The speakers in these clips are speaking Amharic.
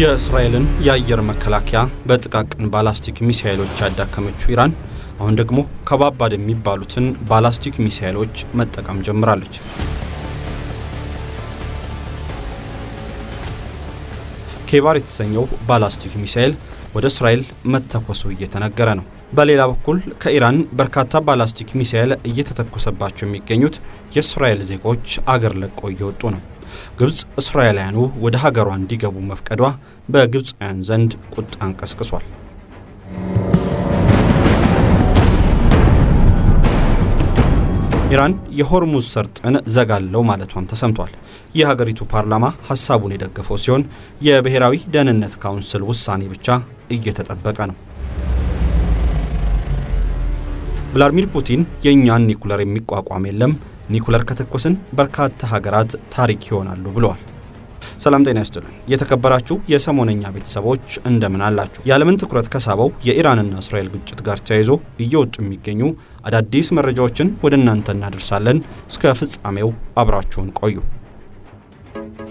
የእስራኤልን የአየር መከላከያ በጥቃቅን ባላስቲክ ሚሳኤሎች ያዳከመችው ኢራን አሁን ደግሞ ከባባድ የሚባሉትን ባላስቲክ ሚሳኤሎች መጠቀም ጀምራለች። ኬባር የተሰኘው ባላስቲክ ሚሳኤል ወደ እስራኤል መተኮሱ እየተነገረ ነው። በሌላ በኩል ከኢራን በርካታ ባላስቲክ ሚሳኤል እየተተኮሰባቸው የሚገኙት የእስራኤል ዜጎች አገር ለቀው እየወጡ ነው። ግብፅ እስራኤላውያኑ ወደ ሀገሯ እንዲገቡ መፍቀዷ በግብፃውያን ዘንድ ቁጣን ቀስቅሷል። ኢራን የሆርሙዝ ሰርጥን ዘጋለው ማለቷም ተሰምቷል። የሀገሪቱ ፓርላማ ሀሳቡን የደገፈው ሲሆን የብሔራዊ ደህንነት ካውንስል ውሳኔ ብቻ እየተጠበቀ ነው። ቭላድሚር ፑቲን የእኛን ኒኩለር የሚቋቋም የለም ኒኩለር ከተኮስን በርካታ ሀገራት ታሪክ ይሆናሉ ብለዋል። ሰላም ጤና ይስጥልን። የተከበራችሁ የሰሞነኛ ቤተሰቦች እንደምን አላችሁ? የዓለምን ትኩረት ከሳበው የኢራንና እስራኤል ግጭት ጋር ተያይዞ እየወጡ የሚገኙ አዳዲስ መረጃዎችን ወደ እናንተ እናደርሳለን። እስከ ፍጻሜው አብራችሁን ቆዩ።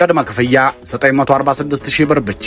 ቅድመ ክፍያ 946 ሺህ ብር ብቻ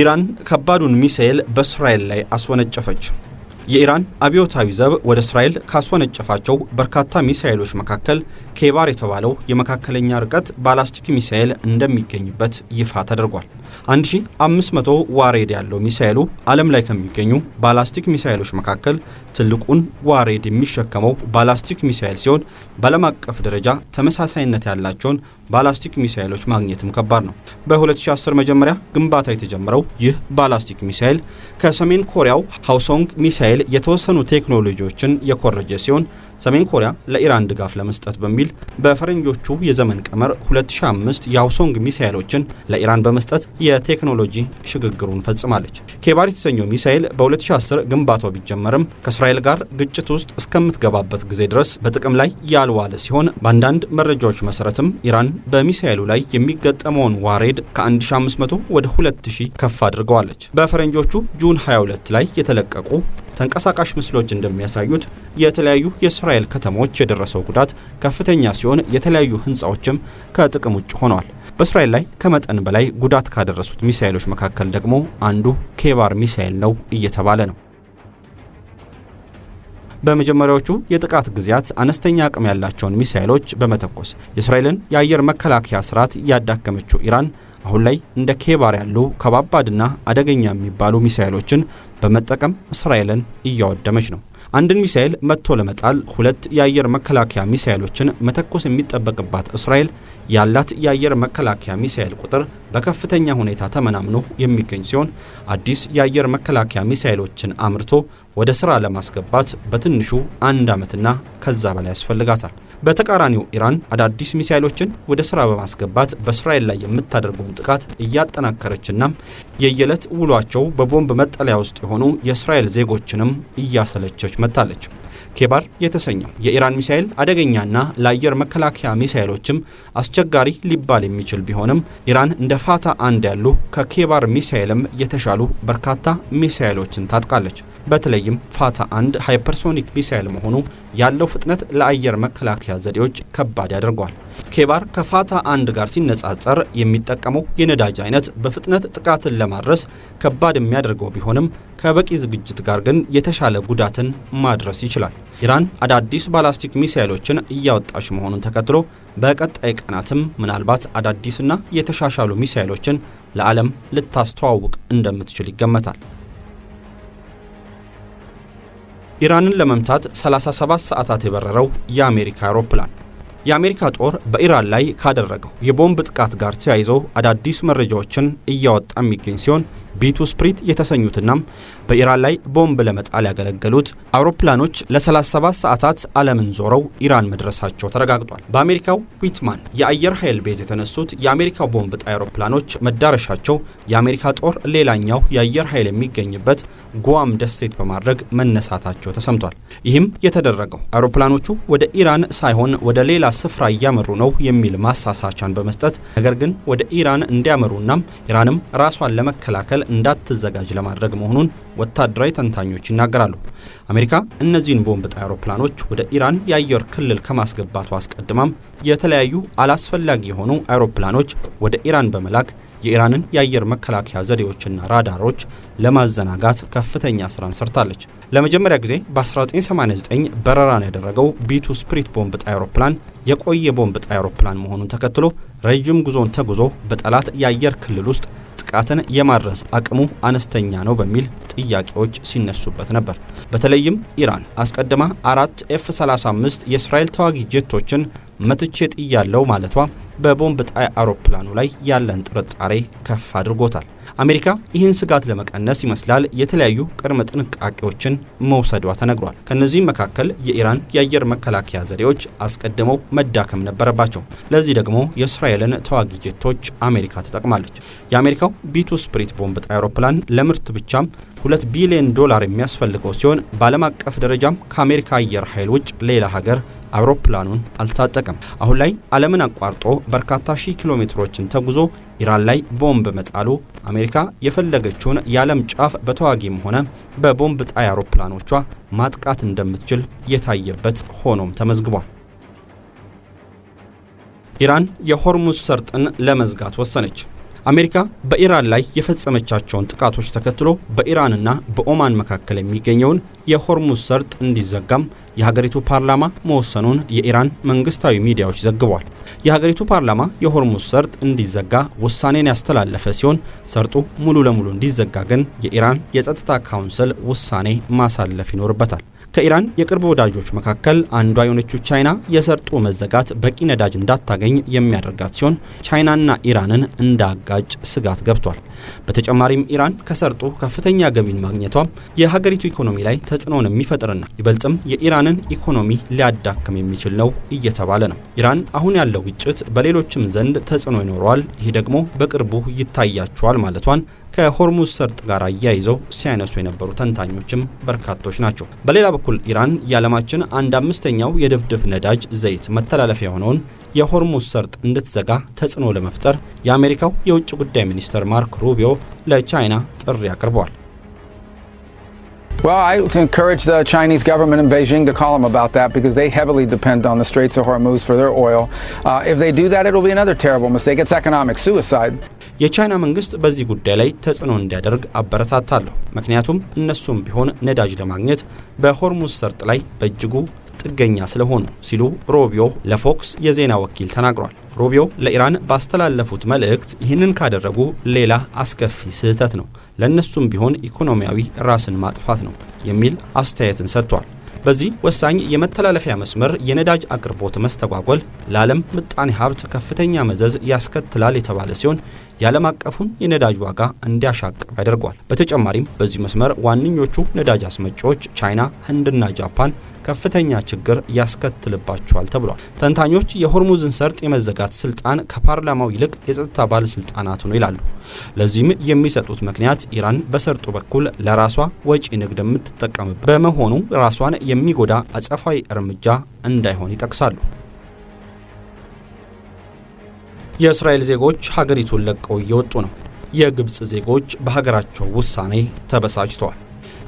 ኢራን ከባዱን ሚሳኤል በእስራኤል ላይ አስወነጨፈች። የኢራን አብዮታዊ ዘብ ወደ እስራኤል ካስወነጨፋቸው በርካታ ሚሳኤሎች መካከል ኬባር የተባለው የመካከለኛ ርቀት ባላስቲክ ሚሳኤል እንደሚገኝበት ይፋ ተደርጓል። 1500 ዋሬድ ያለው ሚሳኤሉ ዓለም ላይ ከሚገኙ ባላስቲክ ሚሳኤሎች መካከል ትልቁን ዋሬድ የሚሸከመው ባላስቲክ ሚሳኤል ሲሆን በዓለም አቀፍ ደረጃ ተመሳሳይነት ያላቸውን ባላስቲክ ሚሳኤሎች ማግኘትም ከባድ ነው። በ2010 መጀመሪያ ግንባታ የተጀመረው ይህ ባላስቲክ ሚሳኤል ከሰሜን ኮሪያው ሃውሶንግ ሚሳኤል የተወሰኑ ቴክኖሎጂዎችን የኮረጀ ሲሆን ሰሜን ኮሪያ ለኢራን ድጋፍ ለመስጠት በሚል በፈረንጆቹ የዘመን ቀመር 2005 የአውሶንግ ሚሳይሎችን ለኢራን በመስጠት የቴክኖሎጂ ሽግግሩን ፈጽማለች። ኬባር የተሰኘው ሚሳይል በ2010 ግንባታው ቢጀመርም ከእስራኤል ጋር ግጭት ውስጥ እስከምትገባበት ጊዜ ድረስ በጥቅም ላይ ያልዋለ ሲሆን በአንዳንድ መረጃዎች መሰረትም ኢራን በሚሳይሉ ላይ የሚገጠመውን ዋሬድ ከ1500 ወደ 2000 ከፍ አድርገዋለች። በፈረንጆቹ ጁን 22 ላይ የተለቀቁ ተንቀሳቃሽ ምስሎች እንደሚያሳዩት የተለያዩ የእስራኤል ከተሞች የደረሰው ጉዳት ከፍተኛ ሲሆን የተለያዩ ህንፃዎችም ከጥቅም ውጭ ሆነዋል። በእስራኤል ላይ ከመጠን በላይ ጉዳት ካደረሱት ሚሳኤሎች መካከል ደግሞ አንዱ ኬባር ሚሳኤል ነው እየተባለ ነው። በመጀመሪያዎቹ የጥቃት ጊዜያት አነስተኛ አቅም ያላቸውን ሚሳኤሎች በመተኮስ የእስራኤልን የአየር መከላከያ ስርዓት ያዳከመችው ኢራን አሁን ላይ እንደ ኬባር ያሉ ከባባድና አደገኛ የሚባሉ ሚሳኤሎችን በመጠቀም እስራኤልን እያወደመች ነው። አንድን ሚሳኤል መጥቶ ለመጣል ሁለት የአየር መከላከያ ሚሳኤሎችን መተኮስ የሚጠበቅባት እስራኤል ያላት የአየር መከላከያ ሚሳኤል ቁጥር በከፍተኛ ሁኔታ ተመናምኖ የሚገኝ ሲሆን አዲስ የአየር መከላከያ ሚሳኤሎችን አምርቶ ወደ ሥራ ለማስገባት በትንሹ አንድ ዓመትና ከዛ በላይ ያስፈልጋታል። በተቃራኒው ኢራን አዳዲስ ሚሳይሎችን ወደ ስራ በማስገባት በእስራኤል ላይ የምታደርገውን ጥቃት እያጠናከረችና የየዕለት ውሏቸው በቦምብ መጠለያ ውስጥ የሆኑ የእስራኤል ዜጎችንም እያሰለቸች መጥታለች። ኬባር የተሰኘው የኢራን ሚሳኤል አደገኛና ለአየር መከላከያ ሚሳኤሎችም አስቸጋሪ ሊባል የሚችል ቢሆንም ኢራን እንደ ፋታ አንድ ያሉ ከኬባር ሚሳኤልም የተሻሉ በርካታ ሚሳኤሎችን ታጥቃለች። በተለይም ፋታ አንድ ሃይፐርሶኒክ ሚሳኤል መሆኑ ያለው ፍጥነት ለአየር መከላከያ ዘዴዎች ከባድ ያደርገዋል። ኬባር ከፋታ አንድ ጋር ሲነጻጸር የሚጠቀመው የነዳጅ አይነት በፍጥነት ጥቃትን ለማድረስ ከባድ የሚያደርገው ቢሆንም ከበቂ ዝግጅት ጋር ግን የተሻለ ጉዳትን ማድረስ ይችላል። ኢራን አዳዲስ ባላስቲክ ሚሳይሎችን እያወጣች መሆኑን ተከትሎ በቀጣይ ቀናትም ምናልባት አዳዲስና የተሻሻሉ ሚሳይሎችን ለዓለም ልታስተዋውቅ እንደምትችል ይገመታል። ኢራንን ለመምታት 37 ሰዓታት የበረረው የአሜሪካ አውሮፕላን የአሜሪካ ጦር በኢራን ላይ ካደረገው የቦምብ ጥቃት ጋር ተያይዞ አዳዲስ መረጃዎችን እያወጣ የሚገኝ ሲሆን ቤቱ ስፕሪት የተሰኙትና በኢራን ላይ ቦምብ ለመጣል ያገለገሉት አውሮፕላኖች ለ37 ሰዓታት ዓለምን ዞረው ኢራን መድረሳቸው ተረጋግጧል። በአሜሪካው ዊትማን የአየር ኃይል ቤዝ የተነሱት የአሜሪካ ቦምብ ጣይ አውሮፕላኖች መዳረሻቸው የአሜሪካ ጦር ሌላኛው የአየር ኃይል የሚገኝበት ጉዋም ደሴት በማድረግ መነሳታቸው ተሰምቷል። ይህም የተደረገው አውሮፕላኖቹ ወደ ኢራን ሳይሆን ወደ ሌላ ስፍራ እያመሩ ነው የሚል ማሳሳቻን በመስጠት ነገር ግን ወደ ኢራን እንዲያመሩና ኢራንም ራሷን ለመከላከል ለመቀላቀል እንዳትዘጋጅ ለማድረግ መሆኑን ወታደራዊ ተንታኞች ይናገራሉ። አሜሪካ እነዚህን ቦምብ ጣይ አውሮፕላኖች ወደ ኢራን የአየር ክልል ከማስገባቱ አስቀድማም የተለያዩ አላስፈላጊ የሆኑ አውሮፕላኖች ወደ ኢራን በመላክ የኢራንን የአየር መከላከያ ዘዴዎችና ራዳሮች ለማዘናጋት ከፍተኛ ስራን ሰርታለች። ለመጀመሪያ ጊዜ በ1989 በረራን ያደረገው ቢቱ ስፕሪት ቦምብ ጣይ አውሮፕላን የቆየ ቦምብ ጣይ አውሮፕላን መሆኑን ተከትሎ ረዥም ጉዞን ተጉዞ በጠላት የአየር ክልል ውስጥ ጥቃትን የማድረስ አቅሙ አነስተኛ ነው በሚል ጥያቄዎች ሲነሱበት ነበር። በተለይም ኢራን አስቀድማ አራት ኤፍ 35 የእስራኤል ተዋጊ ጄቶችን መትቼ ጥያለው ማለቷ በቦምብ ጣይ አውሮፕላኑ ላይ ያለን ጥርጣሬ ከፍ አድርጎታል። አሜሪካ ይህን ስጋት ለመቀነስ ይመስላል የተለያዩ ቅድመ ጥንቃቄዎችን መውሰዷ ተነግሯል። ከእነዚህም መካከል የኢራን የአየር መከላከያ ዘዴዎች አስቀድመው መዳከም ነበረባቸው። ለዚህ ደግሞ የእስራኤልን ተዋጊ ጄቶች አሜሪካ ተጠቅማለች። የአሜሪካው ቢቱ ስፕሪት ቦምብ ጣይ አውሮፕላን ለምርት ብቻም ሁለት ቢሊዮን ዶላር የሚያስፈልገው ሲሆን በዓለም አቀፍ ደረጃም ከአሜሪካ አየር ኃይል ውጭ ሌላ ሀገር አውሮፕላኑን አልታጠቀም። አሁን ላይ ዓለምን አቋርጦ በርካታ ሺህ ኪሎ ሜትሮችን ተጉዞ ኢራን ላይ ቦምብ መጣሉ አሜሪካ የፈለገችውን የዓለም ጫፍ በተዋጊም ሆነ በቦምብ ጣይ አውሮፕላኖቿ ማጥቃት እንደምትችል የታየበት ሆኖም ተመዝግቧል። ኢራን የሆርሙዝ ሰርጥን ለመዝጋት ወሰነች። አሜሪካ በኢራን ላይ የፈጸመቻቸውን ጥቃቶች ተከትሎ በኢራንና በኦማን መካከል የሚገኘውን የሆርሙዝ ሰርጥ እንዲዘጋም የሀገሪቱ ፓርላማ መወሰኑን የኢራን መንግስታዊ ሚዲያዎች ዘግቧል። የሀገሪቱ ፓርላማ የሆርሙዝ ሰርጥ እንዲዘጋ ውሳኔን ያስተላለፈ ሲሆን ሰርጡ ሙሉ ለሙሉ እንዲዘጋ ግን የኢራን የጸጥታ ካውንስል ውሳኔ ማሳለፍ ይኖርበታል። ከኢራን የቅርብ ወዳጆች መካከል አንዷ የሆነችው ቻይና የሰርጡ መዘጋት በቂ ነዳጅ እንዳታገኝ የሚያደርጋት ሲሆን ቻይናና ኢራንን እንዳጋጭ ስጋት ገብቷል። በተጨማሪም ኢራን ከሰርጡ ከፍተኛ ገቢን ማግኘቷ የሀገሪቱ ኢኮኖሚ ላይ ተጽዕኖን የሚፈጥርና ይበልጥም የኢራንን ኢኮኖሚ ሊያዳክም የሚችል ነው እየተባለ ነው። ኢራን አሁን ያለው ግጭት በሌሎችም ዘንድ ተጽዕኖ ይኖረዋል፣ ይሄ ደግሞ በቅርቡ ይታያቸዋል ማለቷን ከሆርሙዝ ሰርጥ ጋር አያይዘው ሲያነሱ የነበሩ ተንታኞችም በርካቶች ናቸው። በሌላ በኩል ኢራን የዓለማችን አንድ አምስተኛው የድፍድፍ ነዳጅ ዘይት መተላለፊያ የሆነውን የሆርሙዝ ሰርጥ እንድትዘጋ ተጽዕኖ ለመፍጠር የአሜሪካው የውጭ ጉዳይ ሚኒስትር ማርክ ሩቢዮ ለቻይና ጥሪ አቅርበዋል። Well, I encourage the Chinese government in Beijing to call them about that because they heavily depend on the Straits of Hormuz for their oil. Uh, if they do that, it'll be another terrible mistake. It's economic suicide. የቻይና መንግስት በዚህ ጉዳይ ላይ ተጽዕኖ እንዲያደርግ አበረታታለሁ። ምክንያቱም እነሱም ቢሆን ነዳጅ ለማግኘት በሆርሙዝ ሰርጥ ላይ በእጅጉ ጥገኛ ስለሆኑ ሲሉ ሮቢዮ ለፎክስ የዜና ወኪል ተናግሯል። ሮቢዮ ለኢራን ባስተላለፉት መልእክት ይህንን ካደረጉ ሌላ አስከፊ ስህተት ነው ለእነሱም ቢሆን ኢኮኖሚያዊ ራስን ማጥፋት ነው የሚል አስተያየትን ሰጥቷል። በዚህ ወሳኝ የመተላለፊያ መስመር የነዳጅ አቅርቦት መስተጓጎል ለዓለም ምጣኔ ሀብት ከፍተኛ መዘዝ ያስከትላል የተባለ ሲሆን የዓለም አቀፉን የነዳጅ ዋጋ እንዲያሻቅብ ያደርጓል። በተጨማሪም በዚህ መስመር ዋነኞቹ ነዳጅ አስመጪዎች ቻይና፣ ህንድና ጃፓን ከፍተኛ ችግር ያስከትልባቸዋል ተብሏል። ተንታኞች የሆርሙዝን ሰርጥ የመዘጋት ስልጣን ከፓርላማው ይልቅ የጸጥታ ባለስልጣናት ነው ይላሉ። ለዚህም የሚሰጡት ምክንያት ኢራን በሰርጡ በኩል ለራሷ ወጪ ንግድ የምትጠቀምበት በመሆኑ ራሷን የሚጎዳ አጸፋዊ እርምጃ እንዳይሆን ይጠቅሳሉ። የእስራኤል ዜጎች ሀገሪቱን ለቀው እየወጡ ነው። የግብፅ ዜጎች በሀገራቸው ውሳኔ ተበሳጭተዋል።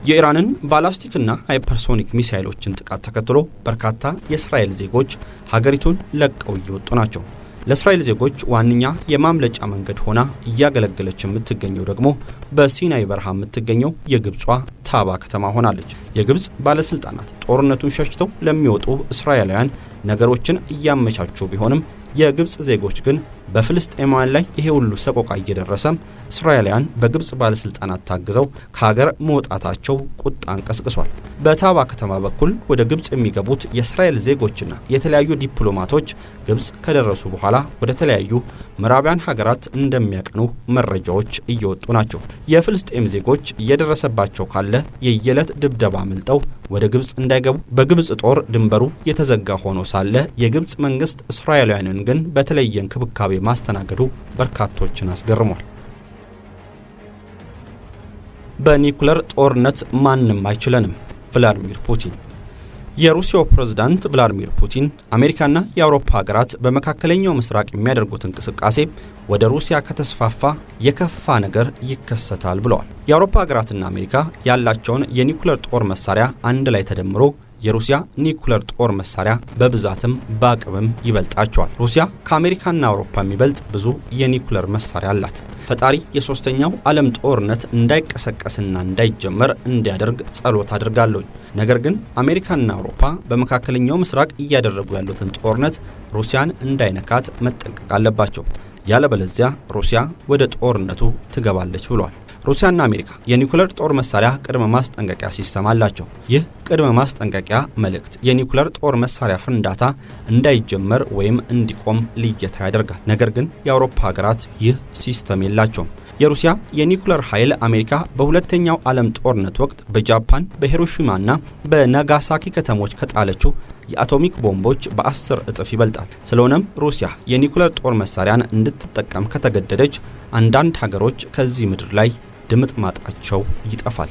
የኢራንን ባላስቲክና ሃይፐርሶኒክ ሚሳይሎችን ጥቃት ተከትሎ በርካታ የእስራኤል ዜጎች ሀገሪቱን ለቀው እየወጡ ናቸው። ለእስራኤል ዜጎች ዋነኛ የማምለጫ መንገድ ሆና እያገለገለች የምትገኘው ደግሞ በሲናይ በረሃ የምትገኘው የግብጿ ታባ ከተማ ሆናለች። የግብፅ ባለስልጣናት ጦርነቱን ሸሽተው ለሚወጡ እስራኤላውያን ነገሮችን እያመቻቹ ቢሆንም የግብፅ ዜጎች ግን በፍልስጤማውያን ላይ ይሄ ሁሉ ሰቆቃ እየደረሰ እስራኤላውያን በግብፅ ባለስልጣናት ታግዘው ከሀገር መውጣታቸው ቁጣን ቀስቅሷል። በታባ ከተማ በኩል ወደ ግብፅ የሚገቡት የእስራኤል ዜጎችና የተለያዩ ዲፕሎማቶች ግብፅ ከደረሱ በኋላ ወደ ተለያዩ ምዕራቢያን ሀገራት እንደሚያቀኑ መረጃዎች እየወጡ ናቸው። የፍልስጤም ዜጎች እየደረሰባቸው ካለ የየዕለት ድብደባ አምልጠው ወደ ግብፅ እንዳይገቡ በግብፅ ጦር ድንበሩ የተዘጋ ሆኖ ሳለ የግብፅ መንግስት እስራኤላውያንን ግን በተለየ እንክብካቤ ማስተናገዱ በርካቶችን አስገርሟል። በኒኩለር ጦርነት ማንም አይችለንም። ቭላድሚር ፑቲን የሩሲያው ፕሬዝዳንት ቭላዲሚር ፑቲን አሜሪካና የአውሮፓ ሀገራት በመካከለኛው ምስራቅ የሚያደርጉት እንቅስቃሴ ወደ ሩሲያ ከተስፋፋ የከፋ ነገር ይከሰታል ብለዋል። የአውሮፓ ሀገራትና አሜሪካ ያላቸውን የኒውክለር ጦር መሳሪያ አንድ ላይ ተደምሮ የሩሲያ ኒኩለር ጦር መሳሪያ በብዛትም በአቅምም ይበልጣቸዋል። ሩሲያ ከአሜሪካና አውሮፓ የሚበልጥ ብዙ የኒኩለር መሳሪያ አላት። ፈጣሪ የሶስተኛው ዓለም ጦርነት እንዳይቀሰቀስና እንዳይጀመር እንዲያደርግ ጸሎት አድርጋለሁ። ነገር ግን አሜሪካና አውሮፓ በመካከለኛው ምስራቅ እያደረጉ ያሉትን ጦርነት ሩሲያን እንዳይነካት መጠንቀቅ አለባቸው። ያለበለዚያ ሩሲያ ወደ ጦርነቱ ትገባለች ብሏል። ሩሲያና አሜሪካ የኒኩለር ጦር መሳሪያ ቅድመ ማስጠንቀቂያ ሲስተም አላቸው። ይህ ቅድመ ማስጠንቀቂያ መልእክት የኒኩለር ጦር መሳሪያ ፍንዳታ እንዳይጀመር ወይም እንዲቆም ልየታ ያደርጋል። ነገር ግን የአውሮፓ ሀገራት ይህ ሲስተም የላቸውም። የሩሲያ የኒኩለር ኃይል አሜሪካ በሁለተኛው ዓለም ጦርነት ወቅት በጃፓን በሂሮሺማና በናጋሳኪ ከተሞች ከጣለችው የአቶሚክ ቦምቦች በአስር እጥፍ ይበልጣል። ስለሆነም ሩሲያ የኒኩለር ጦር መሳሪያን እንድትጠቀም ከተገደደች አንዳንድ ሀገሮች ከዚህ ምድር ላይ ድምጥ ማጣቸው ይጠፋል።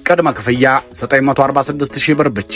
ቅድመ ክፍያ 946000 ብር ብቻ